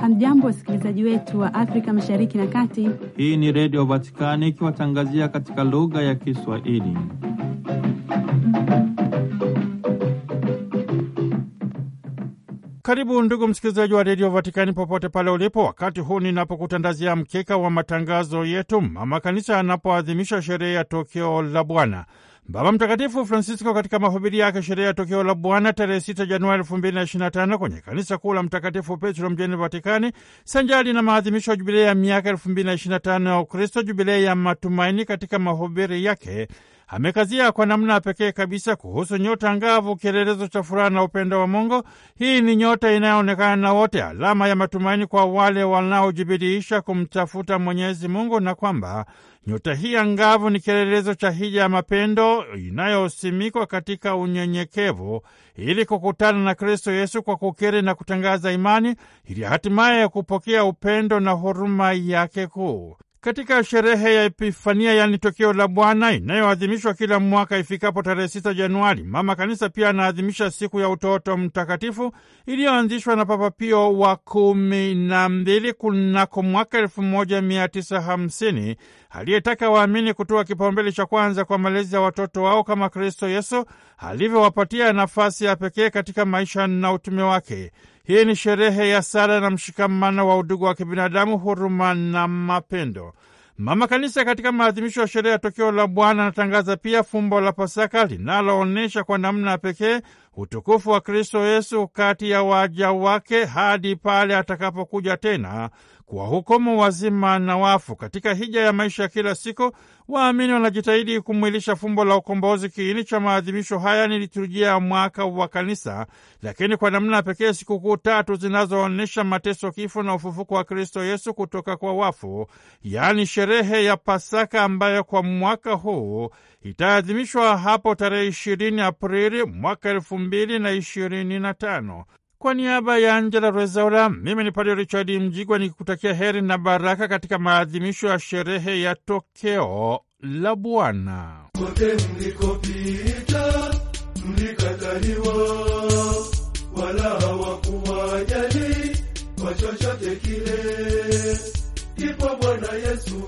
Hamjambo, wasikilizaji wetu wa Afrika mashariki na kati. Hii ni Redio Vatikani ikiwatangazia katika lugha ya Kiswahili. Mm-hmm. Karibu ndugu msikilizaji wa redio Vatikani popote pale ulipo, wakati huu ninapokutandazia mkeka wa matangazo yetu, mama kanisa anapoadhimisha sherehe ya tokeo la Bwana. Baba Mtakatifu Francisco katika mahubiri yake sherehe ya tokeo la Bwana tarehe 6 Januari 2025 kwenye kanisa kuu la Mtakatifu Petro mjini Vatikani, sanjari na maadhimisho ya jubilei ya miaka 2025 ya Ukristo, jubilei ya matumaini, katika mahubiri yake Amekazia kwa namna pekee kabisa kuhusu nyota ngavu, kielelezo cha furaha na upendo wa Mungu. Hii ni nyota inayoonekana na wote, alama ya matumaini kwa wale wanaojibidiisha kumtafuta Mwenyezi Mungu, na kwamba nyota hii angavu ni kielelezo cha hija ya mapendo inayosimikwa katika unyenyekevu ili kukutana na Kristo Yesu kwa kukiri na kutangaza imani ili hatimaye kupokea upendo na huruma yake kuu katika sherehe ya Epifania yaani tokeo la Bwana inayoadhimishwa kila mwaka ifikapo tarehe sita Januari. Mama Kanisa pia anaadhimisha siku ya utoto mtakatifu iliyoanzishwa na Papa Pio wa kumi na mbili kunako mwaka elfu moja mia tisa hamsini aliyetaka waamini kutoa kipaumbele cha kwanza kwa malezi ya watoto wao kama Kristo Yesu alivyowapatia nafasi ya pekee katika maisha na utume wake. Hii ni sherehe ya sala na mshikamano wa udugu wa kibinadamu, huruma na mapendo. Mama Kanisa katika maadhimisho ya sherehe ya tokeo la Bwana anatangaza pia fumbo la Pasaka linaloonyesha kwa namna ya pekee utukufu wa Kristo Yesu kati ya waja wake hadi pale atakapokuja tena kuwahukumu wazima na wafu. Katika hija ya maisha ya kila siku, waamini wanajitahidi kumwilisha fumbo la ukombozi. Kiini cha maadhimisho haya ni liturujia ya mwaka wa Kanisa, lakini kwa namna pekee sikukuu tatu zinazoonyesha mateso, kifo na ufufuko wa Kristo Yesu kutoka kwa wafu, yaani sherehe ya Pasaka ambayo kwa mwaka huu itaadhimishwa hapo tarehe 20 Aprili mwaka elfu mbili na ishirini na tano. Kwa niaba ya Angela Rwezaula, mimi ni Padre Richard Mjigwa nikikutakia heri na baraka katika maadhimisho ya sherehe ya tokeo la Bwana. Kote mlikopita mlikataliwa, wala hawakuwajali kwa chochote kile, ipo Bwana Yesu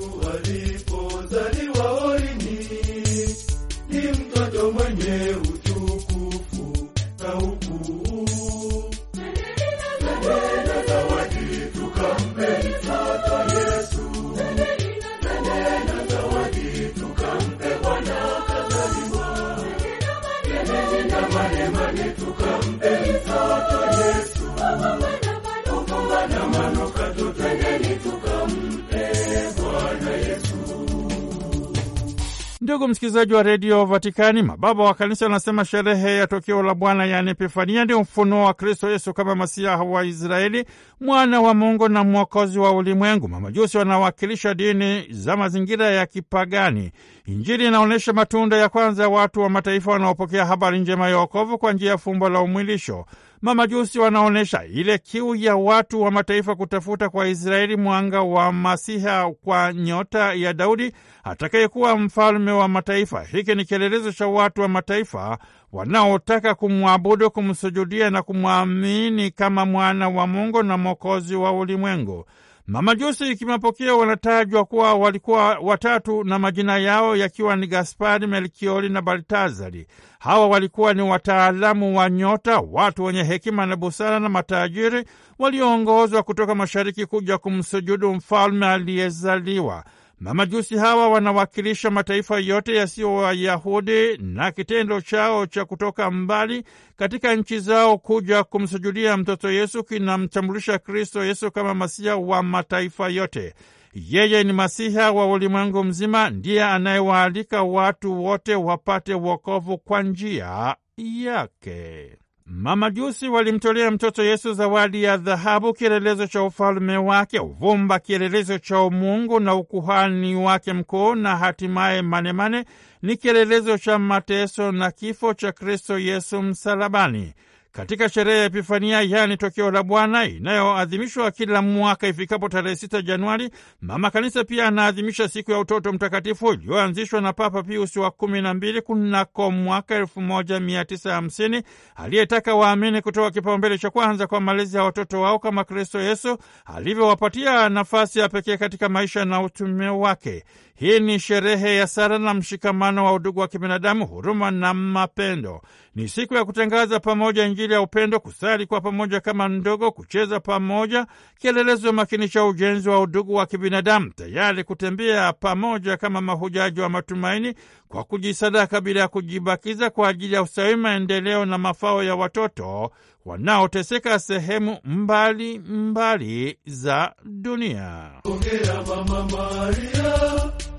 wasikilizaji wa redio Vatikani, mababa wa kanisa anasema sherehe ya tokeo la Bwana yaani Epifania ni ufunuo wa Kristo Yesu kama Masiha wa Israeli, mwana wa Mungu na mwokozi wa ulimwengu. Mamajusi wanawakilisha dini za mazingira ya kipagani. Injili inaonyesha matunda ya kwanza ya watu wa mataifa wanaopokea habari njema ya wokovu kwa njia ya fumbo la umwilisho. Mamajusi wanaonyesha ile kiu ya watu wa mataifa kutafuta kwa Israeli mwanga wa Masiha, kwa nyota ya Daudi atakayekuwa mfalme wa mataifa. Hiki ni kielelezo cha watu wa mataifa wanaotaka kumwabudu, kumsujudia na kumwamini kama mwana wa Mungu na mwokozi wa ulimwengu. Mamajusi kimapokeo wanatajwa kuwa walikuwa watatu na majina yao yakiwa ni Gaspari, melkioli na Baltazari. Hawa walikuwa ni wataalamu wa nyota, watu wenye hekima na busara na matajiri walioongozwa kutoka mashariki kuja kumsujudu mfalme aliyezaliwa. Mamajusi hawa wanawakilisha mataifa yote yasiyo Wayahudi, na kitendo chao cha kutoka mbali katika nchi zao kuja kumsujudia mtoto Yesu kinamtambulisha Kristo Yesu kama Masiha wa mataifa yote. Yeye ni Masiha wa ulimwengu mzima, ndiye anayewaalika watu wote wapate wokovu kwa njia yake. Mamajusi walimtolea mtoto Yesu zawadi ya dhahabu, kielelezo cha ufalme wake, uvumba, kielelezo cha umungu na ukuhani wake mkuu, na hatimaye manemane ni kielelezo cha mateso na kifo cha Kristo Yesu msalabani katika sherehe ya Epifania, yaani tokeo la Bwana, inayoadhimishwa kila mwaka ifikapo tarehe 6 Januari. Mama Kanisa pia anaadhimisha siku ya utoto mtakatifu iliyoanzishwa na Papa Pius wa kumi na mbili kunako mwaka 1950 aliyetaka waamini kutoa kipaumbele cha kwanza kwa malezi ya watoto wao kama Kristo Yesu alivyowapatia nafasi ya pekee katika maisha na utume wake. Hii ni sherehe ya sara na mshikamano wa udugu wa kibinadamu, huruma na mapendo. Ni siku ya kutangaza pamoja Injili ya upendo, kusali kwa pamoja kama ndogo, kucheza pamoja, kielelezo makini cha ujenzi wa udugu wa kibinadamu, tayari kutembea pamoja kama mahujaji wa matumaini, kwa kujisadaka bila ya kujibakiza, kwa ajili ya ustawi, maendeleo na mafao ya watoto wanaoteseka sehemu mbali mbali za dunia.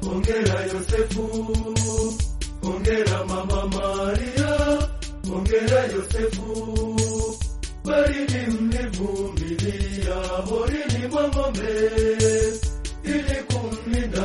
Hongera Yosefu, hongera Mama Maria, hongera Yosefu, baridi mlivumilia horini mwa ng'ombe ili kumlinda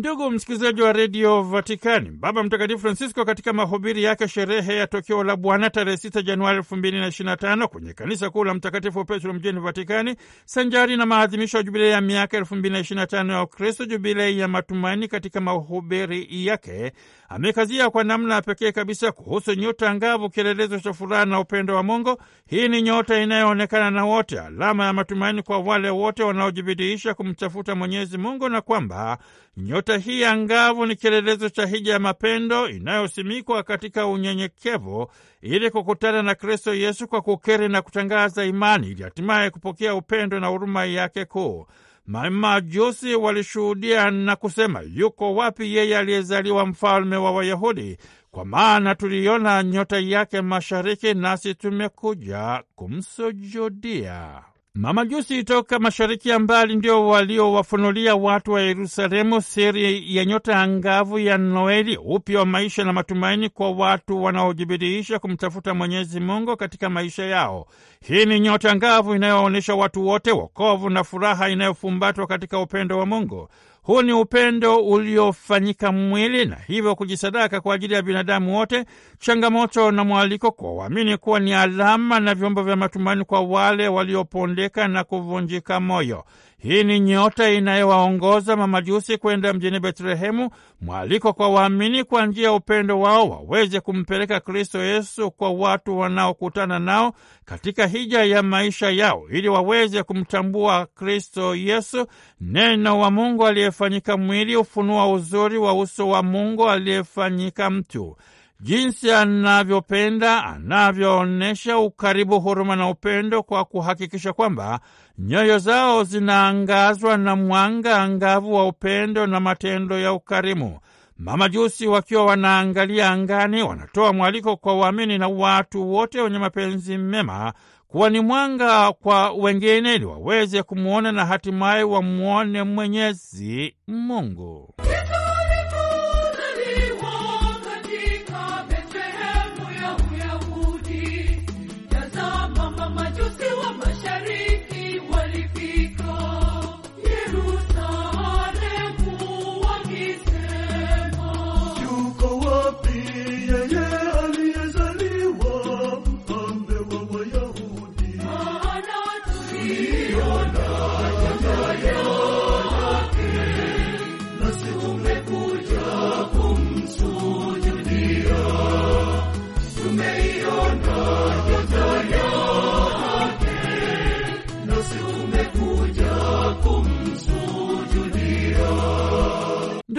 Ndugu msikilizaji wa redio Vatikani, Baba Mtakatifu Francisco katika mahubiri yake sherehe ya tokeo la Bwana tarehe 6 Januari 2025 kwenye kanisa kuu la Mtakatifu Petro mjini Vatikani, sanjari na maadhimisho ya jubilei ya miaka 2025 ya Ukristo, jubilei ya matumaini, katika mahubiri yake amekazia kwa namna ya pekee kabisa kuhusu nyota angavu, kielelezo cha furaha na upendo wa Mungu. Hii ni nyota inayoonekana na wote, alama ya matumaini kwa wale wote wanaojibidiisha kumtafuta Mwenyezi Mungu, na kwamba nyota Nyota hii angavu ni kielelezo cha hija ya mapendo inayosimikwa katika unyenyekevu ili kukutana na Kristo Yesu kwa kukiri na kutangaza imani ili hatimaye kupokea upendo na huruma yake kuu. Mamajusi walishuhudia na kusema, yuko wapi yeye aliyezaliwa mfalme wa Wayahudi? Kwa maana tuliona nyota yake mashariki, nasi tumekuja kumsujudia. Mamajusi toka mashariki ya mbali ndio waliowafunulia watu wa Yerusalemu siri ya nyota angavu ya Noeli, upya wa maisha na matumaini kwa watu wanaojibidiisha kumtafuta Mwenyezi Mungu katika maisha yao. Hii ni nyota angavu inayoonyesha watu wote wokovu na furaha inayofumbatwa katika upendo wa Mungu. Huu ni upendo uliofanyika mwili na hivyo kujisadaka kwa ajili ya binadamu wote, changamoto na mwaliko kwa waamini kuwa ni alama na vyombo vya matumaini kwa wale waliopondeka na kuvunjika moyo. Hii ni nyota inayowaongoza mamajusi kwenda mjini Betlehemu, mwaliko kwa waamini kwa njia ya upendo wao waweze kumpeleka Kristo Yesu kwa watu wanaokutana nao katika hija ya maisha yao, ili waweze kumtambua Kristo Yesu, neno wa Mungu aliyefanyika mwili, ufunua uzuri wa uso wa Mungu aliyefanyika mtu jinsi anavyopenda, anavyoonyesha ukaribu, huruma na upendo, kwa kuhakikisha kwamba nyoyo zao zinaangazwa na mwanga angavu wa upendo na matendo ya ukarimu. Mamajusi wakiwa wanaangalia angani, wanatoa mwaliko kwa waamini na watu wote wenye mapenzi mema kuwa ni mwanga kwa wengine, ili waweze kumwona na hatimaye wamwone Mwenyezi Mungu.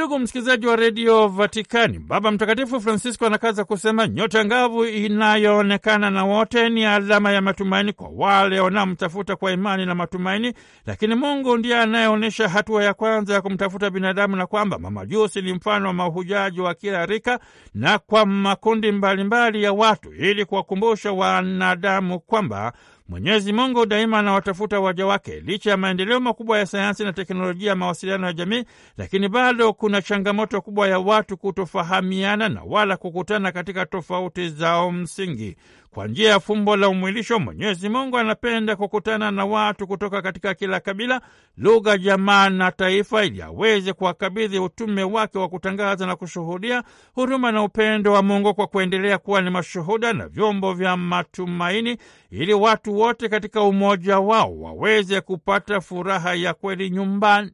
Ndugu msikilizaji wa redio Vatikani, Baba Mtakatifu Francisco anakaza kusema nyota ngavu inayoonekana na wote ni alama ya matumaini kwa wale wanaomtafuta kwa imani na matumaini, lakini Mungu ndiye anayeonyesha hatua ya kwanza ya kumtafuta binadamu, na kwamba mamajusi ni mfano wa mahujaji wa kila rika na kwa makundi mbalimbali ya watu, ili kuwakumbusha wanadamu kwamba Mwenyezi Mungu daima anawatafuta waja wake. Licha ya maendeleo makubwa ya sayansi na teknolojia ya mawasiliano ya jamii, lakini bado kuna changamoto kubwa ya watu kutofahamiana na wala kukutana katika tofauti zao msingi. Kwa njia ya fumbo la umwilisho, Mwenyezi Mungu anapenda kukutana na watu kutoka katika kila kabila, lugha, jamaa na taifa, ili aweze kuwakabidhi utume wake wa kutangaza na kushuhudia huruma na upendo wa Mungu kwa kuendelea kuwa ni mashuhuda na vyombo vya matumaini, ili watu wote katika umoja wao waweze kupata furaha ya kweli nyumbani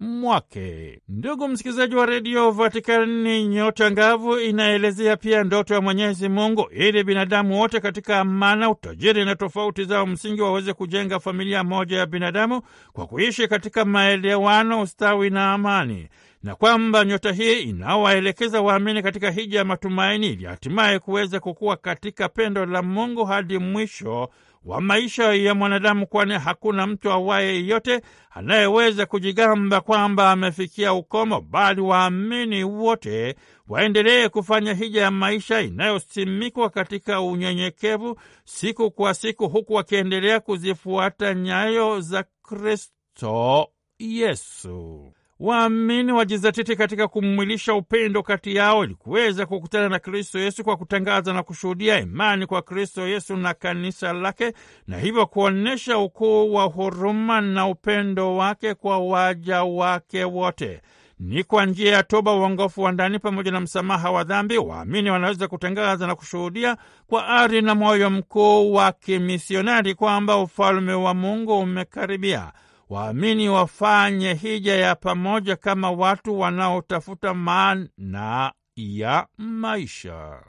mwake. Ndugu msikilizaji wa redio Vatikani, nyota ngavu inaelezea pia ndoto ya Mwenyezi Mungu ili binadamu wote katika amana, utajiri na tofauti zao msingi waweze kujenga familia moja ya binadamu kwa kuishi katika maelewano, ustawi na amani, na kwamba nyota hii inawaelekeza waamini katika hija ya matumaini ili hatimaye kuweza kukua katika pendo la Mungu hadi mwisho wa maisha ya mwanadamu, kwani hakuna mtu awaye yeyote anayeweza kujigamba kwamba amefikia ukomo, bali waamini wote waendelee kufanya hija ya maisha inayosimikwa katika unyenyekevu siku kwa siku, huku wakiendelea kuzifuata nyayo za Kristo Yesu waamini wajizatiti katika kumwilisha upendo kati yao ili kuweza kukutana na Kristo Yesu kwa kutangaza na kushuhudia imani kwa Kristo Yesu na kanisa lake, na hivyo kuonyesha ukuu wa huruma na upendo wake kwa waja wake wote. Ni kwa njia ya toba, uongofu wa ndani pamoja na msamaha wa dhambi, waamini wanaweza kutangaza na kushuhudia kwa ari na moyo mkuu wa kimisionari kwamba ufalume wa Mungu umekaribia waamini wafanye hija ya pamoja kama watu wanaotafuta maana ya maisha.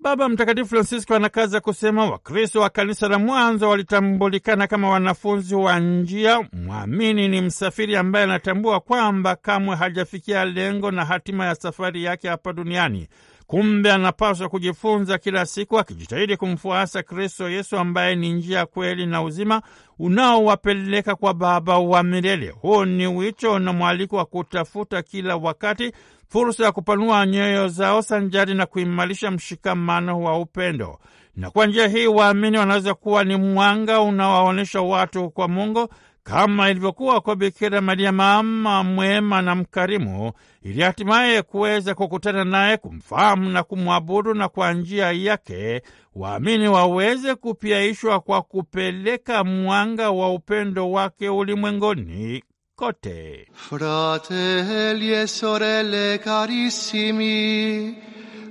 Baba Mtakatifu Francisco anakaza kusema Wakristo wa kanisa la mwanzo walitambulikana kama wanafunzi wa njia. Mwamini ni msafiri ambaye anatambua kwamba kamwe hajafikia lengo na hatima ya safari yake hapa duniani. Kumbe anapaswa kujifunza kila siku akijitahidi kumfuasa Kristo Yesu ambaye ni njia, kweli na uzima unaowapeleka kwa Baba wa milele. Huu ni wito na mwaliko wa kutafuta kila wakati fursa ya kupanua nyoyo zao sanjari na kuimarisha mshikamano wa upendo. Na kwa njia hii waamini wanaweza kuwa ni mwanga unawaonyesha watu kwa Mungu kama ilivyokuwa kwa Bikira Maria mama mwema na mkarimu, ili hatimaye kuweza kukutana naye, kumfahamu na kumwabudu, na kwa njia yake waamini waweze kupiaishwa kwa kupeleka mwanga wa upendo wake ulimwengoni kote. Fratelli e sorelle carissimi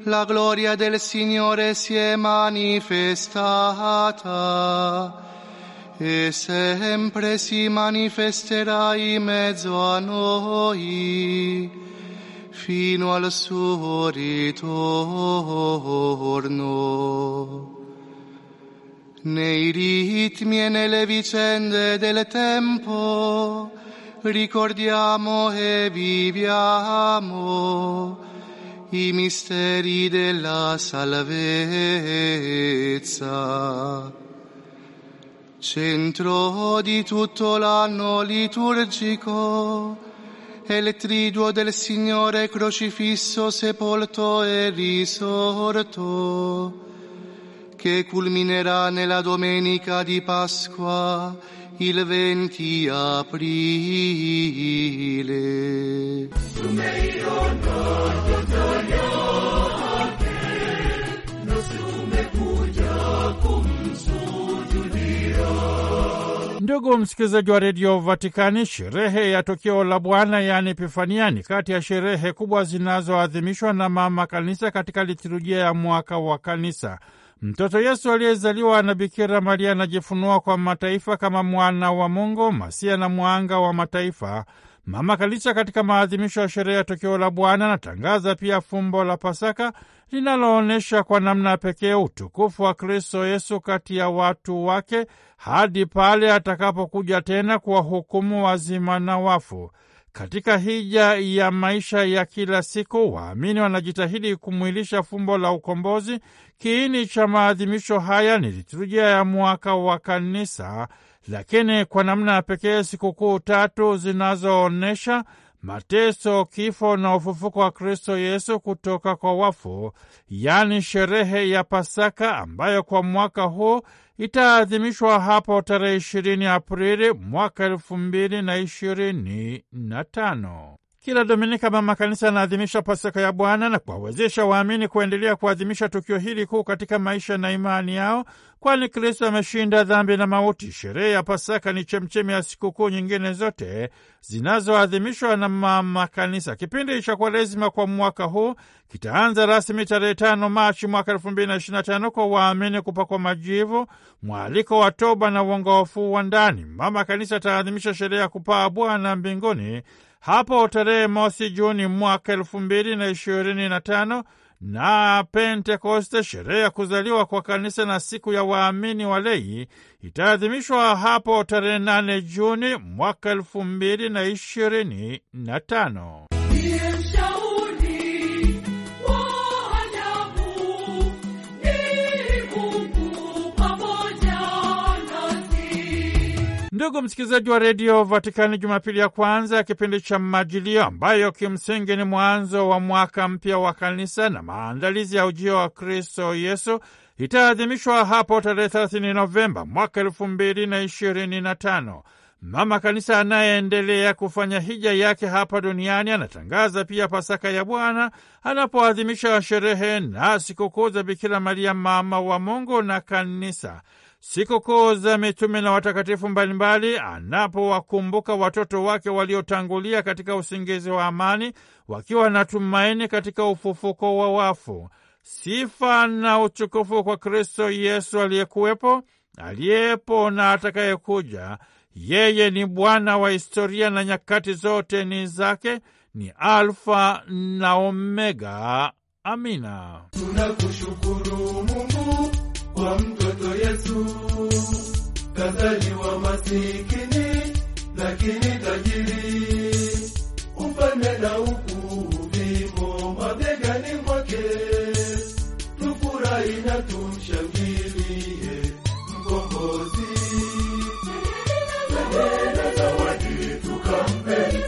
la gloria del Signore si è manifestata e sempre si manifesterà in mezzo a noi fino al suo ritorno. Nei ritmi e nelle vicende del tempo ricordiamo e viviamo i misteri della salvezza centro di tutto l'anno liturgico, è il triduo del Signore crocifisso, sepolto e risorto, che culminerà nella domenica di Pasqua, il 20 aprile. Ndugu msikilizaji wa redio Vatikani, sherehe ya tukio la Bwana yaani Epifania ni kati ya sherehe kubwa zinazoadhimishwa na mama kanisa katika liturujia ya mwaka wa kanisa. Mtoto Yesu aliyezaliwa na Bikira Maria anajifunua kwa mataifa kama mwana wa Mungu, masia na mwanga wa mataifa. Mama Kanisa katika maadhimisho ya sherehe ya tokeo la Bwana anatangaza pia fumbo la Pasaka linaloonyesha kwa namna ya pekee utukufu wa Kristo Yesu kati ya watu wake hadi pale atakapokuja tena kuwahukumu wazima na wafu. Katika hija ya maisha ya kila siku, waamini wanajitahidi kumwilisha fumbo la ukombozi. Kiini cha maadhimisho haya ni liturujia ya mwaka wa Kanisa, lakini kwa namna ya pekee sikukuu tatu zinazoonyesha mateso, kifo na ufufuko wa Kristo Yesu kutoka kwa wafu, yaani sherehe ya Pasaka ambayo kwa mwaka huu itaadhimishwa hapo tarehe 20 Aprili mwaka elfu mbili na ishirini na tano. Kila Dominika mama kanisa anaadhimisha Pasaka ya Bwana na kuwawezesha waamini kuendelea kuadhimisha tukio hili kuu katika maisha na imani yao, kwani Kristo ameshinda dhambi na mauti. Sherehe ya Pasaka ni chemchemi ya sikukuu nyingine zote zinazoadhimishwa na mama kanisa. Kipindi cha Kwaresima kwa mwaka huu kitaanza rasmi tarehe tano Machi mwaka elfu mbili na ishirini na tano kwa waamini kupakwa majivu, mwaliko wa toba na uongofu wa ndani. Mama kanisa ataadhimisha sherehe ya kupaa Bwana mbinguni hapo tarehe mosi Juni mwaka elfu mbili na ishirini na tano na Pentekoste, sherehe ya kuzaliwa kwa kanisa na siku ya waamini walei itaadhimishwa hapo tarehe nane Juni mwaka elfu mbili na ishirini na tano. Ndugu msikilizaji wa redio Vatikani, Jumapili ya kwanza ya kipindi cha Majilio, ambayo kimsingi ni mwanzo wa mwaka mpya wa kanisa na maandalizi ya ujio wa Kristo Yesu, itaadhimishwa hapo tarehe 30 Novemba mwaka elfu mbili na ishirini na tano. Mama Kanisa anayeendelea kufanya hija yake hapa duniani anatangaza pia Pasaka ya Bwana anapoadhimisha sherehe na sikukuu za Bikira Maria mama wa Mungu na Kanisa, sikukuu za mitume na watakatifu mbalimbali, anapowakumbuka watoto wake waliotangulia katika usingizi wa amani, wakiwa na tumaini katika ufufuko wa wafu. Sifa na utukufu kwa Kristo Yesu aliyekuwepo, aliyepo na atakayekuja yeye ni Bwana wa historia na nyakati zote ni zake, ni Alfa na Omega. Amina. Tunakushukuru Mungu kwa mtoto Yesu, kazaliwa masikini lakini tajiri, upande na Amen.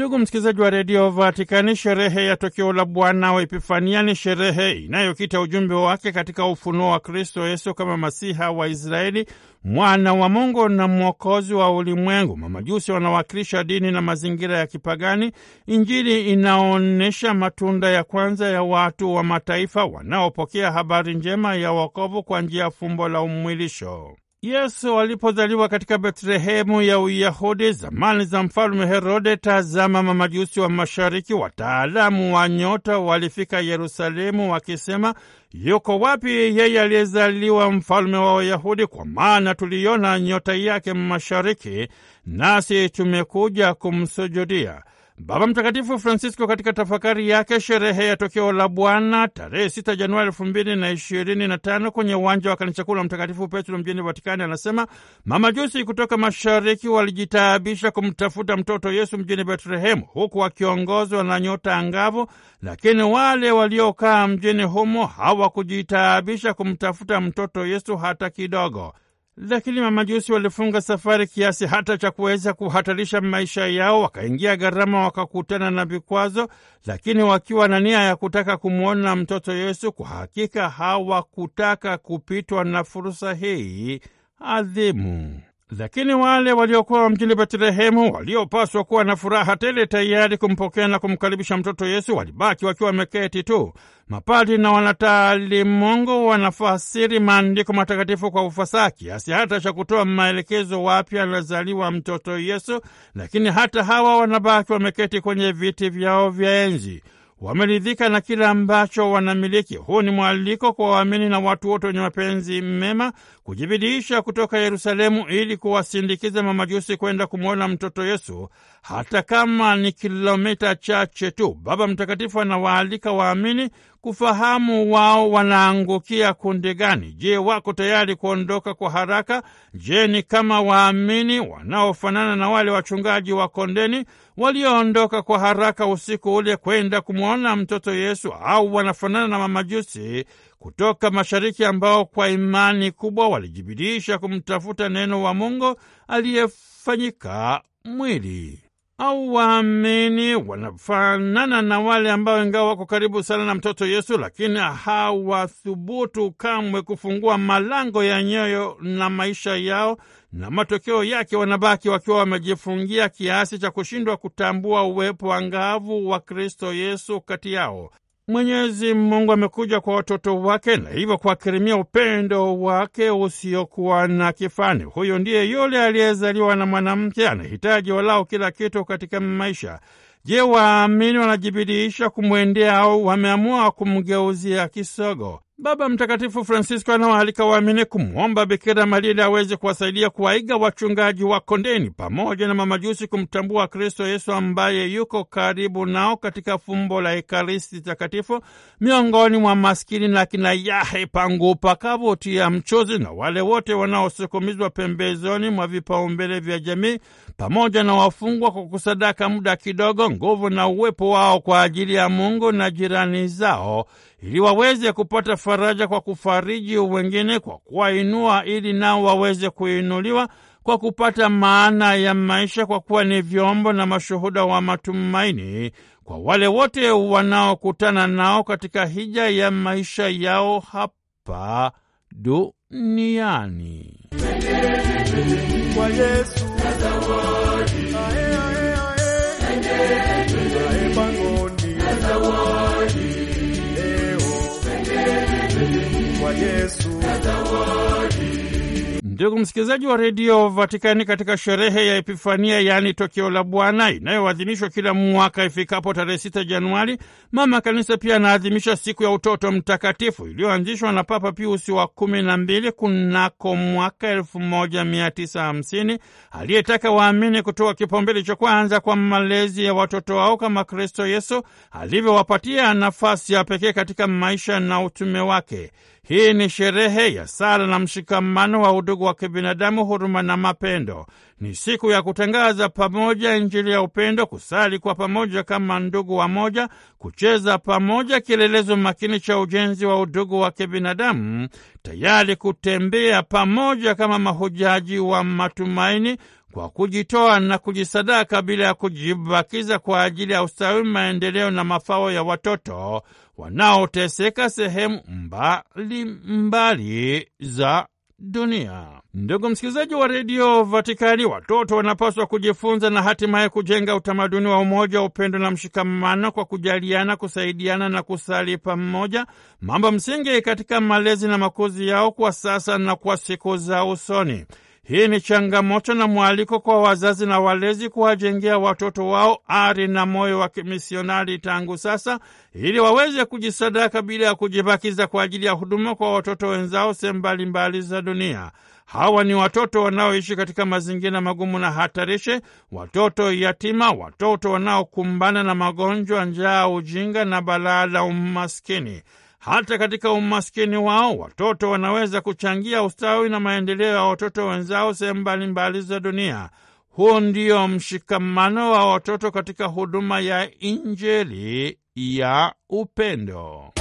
Ndugu msikilizaji wa redio Vatikani, sherehe ya tokio la Bwana wa Epifania ni sherehe inayokita ujumbe wake katika ufunuo wa Kristo Yesu kama masiha wa Israeli, mwana wa Mungu na mwokozi wa ulimwengu. Mamajusi wanawakilisha dini na mazingira ya kipagani. Injili inaonyesha matunda ya kwanza ya watu wa mataifa wanaopokea habari njema ya wokovu kwa njia ya fumbo la umwilisho. Yesu alipozaliwa katika Betlehemu ya Uyahudi zamani za mfalme Herode, tazama, mamajusi wa mashariki, wataalamu wa nyota, walifika Yerusalemu wakisema, yuko wapi yeye aliyezaliwa mfalme wa Wayahudi? Kwa maana tuliona nyota yake mashariki, nasi tumekuja kumsujudia. Baba Mtakatifu Francisco katika tafakari yake sherehe ya tokeo la Bwana tarehe 6 Januari 225 kwenye uwanja wa kanisa kuu la Mtakatifu Petro mjini Vatikani anasema mamajusi kutoka mashariki walijitaabisha kumtafuta mtoto Yesu mjini Betlehemu huku wakiongozwa na nyota angavu, lakini wale waliokaa mjini humo hawakujitaabisha kumtafuta mtoto Yesu hata kidogo lakini mamajusi walifunga safari kiasi hata cha kuweza kuhatarisha maisha yao, wakaingia gharama, wakakutana na vikwazo, lakini wakiwa na nia ya kutaka kumwona mtoto Yesu. Kwa hakika hawakutaka kupitwa na fursa hii adhimu. Lakini wale waliokuwa mjini Betlehemu, waliopaswa kuwa na furaha tele tayari kumpokea na kumkaribisha mtoto Yesu, walibaki wakiwa wameketi tu. Mapadi na wanataalimungu wanafasiri maandiko matakatifu kwa ufasaha kiasi hata cha kutoa maelekezo wapi anazaliwa mtoto Yesu, lakini hata hawa wanabaki wameketi kwenye viti vyao vya enzi wameridhika na kila ambacho wanamiliki. Huu ni mwaliko kwa waamini na watu wote wenye mapenzi mema kujibidiisha kutoka Yerusalemu ili kuwasindikiza mamajusi kwenda kumwona mtoto Yesu, hata kama ni kilomita chache tu. Baba Mtakatifu anawaalika waamini kufahamu wao wanaangukia kundi gani. Je, wako tayari kuondoka kwa haraka? Je, ni kama waamini wanaofanana na wale wachungaji wa kondeni walioondoka kwa haraka usiku ule kwenda kumwona mtoto Yesu, au wanafanana na mamajusi kutoka mashariki ambao kwa imani kubwa walijibidisha kumtafuta neno wa Mungu aliyefanyika mwili au waamini wanafanana na wale ambao ingawa wako karibu sana na mtoto Yesu, lakini hawathubutu kamwe kufungua malango ya nyoyo na maisha yao, na matokeo yake wanabaki wakiwa wamejifungia kiasi cha kushindwa kutambua uwepo angavu wa Kristo Yesu kati yao. Mwenyezi Mungu amekuja kwa watoto wake na hivyo kuwakirimia upendo wake usiokuwa na kifani. Huyo ndiye yule aliyezaliwa na mwanamke, anahitaji walau kila kitu katika maisha. Je, waamini wanajibidiisha kumwendea au wameamua kumgeuzia kisogo? Baba Mtakatifu Francisco anawaalika waamini kumwomba Bikira Maria ili aweze kuwasaidia kuwaiga wachungaji wa kondeni pamoja na mamajusi kumtambua Kristo Yesu ambaye yuko karibu nao katika fumbo la Ekaristi Takatifu, miongoni mwa maskini na kina Yahe pangu ya mchozi na wale wote wanaosukumizwa pembezoni mwa vipaumbele vya jamii pamoja na wafungwa, kwa kusadaka muda kidogo, nguvu na uwepo wao kwa ajili ya Mungu na jirani zao ili waweze kupata faraja kwa kufariji wengine, kwa kuwainua ili nao waweze kuinuliwa, kwa kupata maana ya maisha, kwa kuwa ni vyombo na mashuhuda wa matumaini kwa wale wote wanaokutana nao katika hija ya maisha yao hapa duniani. Kwa Yesu. Ndugu msikilizaji wa redio Vatikani, katika sherehe ya Epifania yaani tokeo la Bwana inayoadhimishwa kila mwaka ifikapo tarehe 6 Januari, mama kanisa pia anaadhimisha siku ya utoto mtakatifu iliyoanzishwa na Papa Piusi wa kumi na mbili kunako mwaka 1950 aliyetaka waamini kutoa kipaumbele cha kwanza kwa malezi ya watoto wao kama Kristo Yesu alivyowapatia nafasi ya pekee katika maisha na utume wake. Hii ni sherehe ya sala na mshikamano wa udugu wa kibinadamu, huruma na mapendo. Ni siku ya kutangaza pamoja Injili ya upendo, kusali kwa pamoja kama ndugu wa moja, kucheza pamoja, kielelezo makini cha ujenzi wa udugu wa kibinadamu, tayari kutembea pamoja kama mahujaji wa matumaini kwa kujitoa na kujisadaka bila ya kujibakiza kwa ajili ya ustawi, maendeleo na mafao ya watoto wanaoteseka sehemu mbali mbali za dunia. Ndugu msikilizaji wa redio Vatikani, watoto wanapaswa kujifunza na hatimaye kujenga utamaduni wa umoja, upendo na mshikamano kwa kujaliana, kusaidiana na kusali pamoja, mambo msingi katika malezi na makuzi yao kwa sasa na kwa siku za usoni. Hii ni changamoto na mwaliko kwa wazazi na walezi kuwajengea watoto wao ari na moyo wa kimisionari tangu sasa, ili waweze kujisadaka bila ya kujibakiza kwa ajili ya huduma kwa watoto wenzao sehemu mbalimbali za dunia. Hawa ni watoto wanaoishi katika mazingira magumu na hatarishi, watoto yatima, watoto wanaokumbana na magonjwa, njaa, ujinga na balaa la umaskini. Hata katika umaskini wao watoto wanaweza kuchangia ustawi na maendeleo ya watoto wenzao sehemu mbalimbali za dunia. Huu ndio mshikamano wa watoto katika huduma ya Injili ya upendo.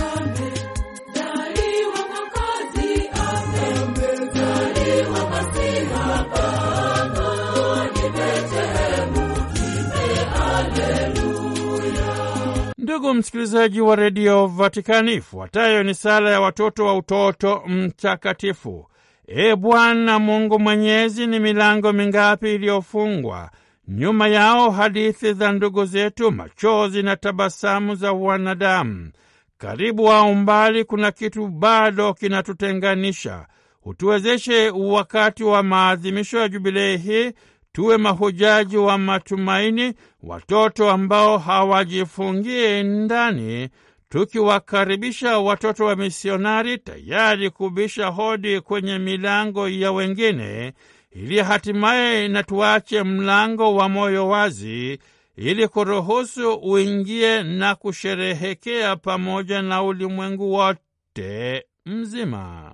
Ndugu msikilizaji wa redio Vatikani, ifuatayo ni sala ya watoto wa utoto mtakatifu. E Bwana Mungu Mwenyezi, ni milango mingapi iliyofungwa nyuma yao, hadithi za ndugu zetu, machozi na tabasamu za wanadamu, karibu au mbali, kuna kitu bado kinatutenganisha. Utuwezeshe wakati wa maadhimisho ya jubilei hii tuwe mahujaji wa matumaini, watoto ambao hawajifungie ndani, tukiwakaribisha watoto wa misionari, tayari kubisha hodi kwenye milango ya wengine, ili hatimaye na tuache mlango wa moyo wazi ili kuruhusu uingie na kusherehekea pamoja na ulimwengu wote mzima.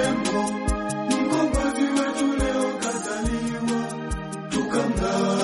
love.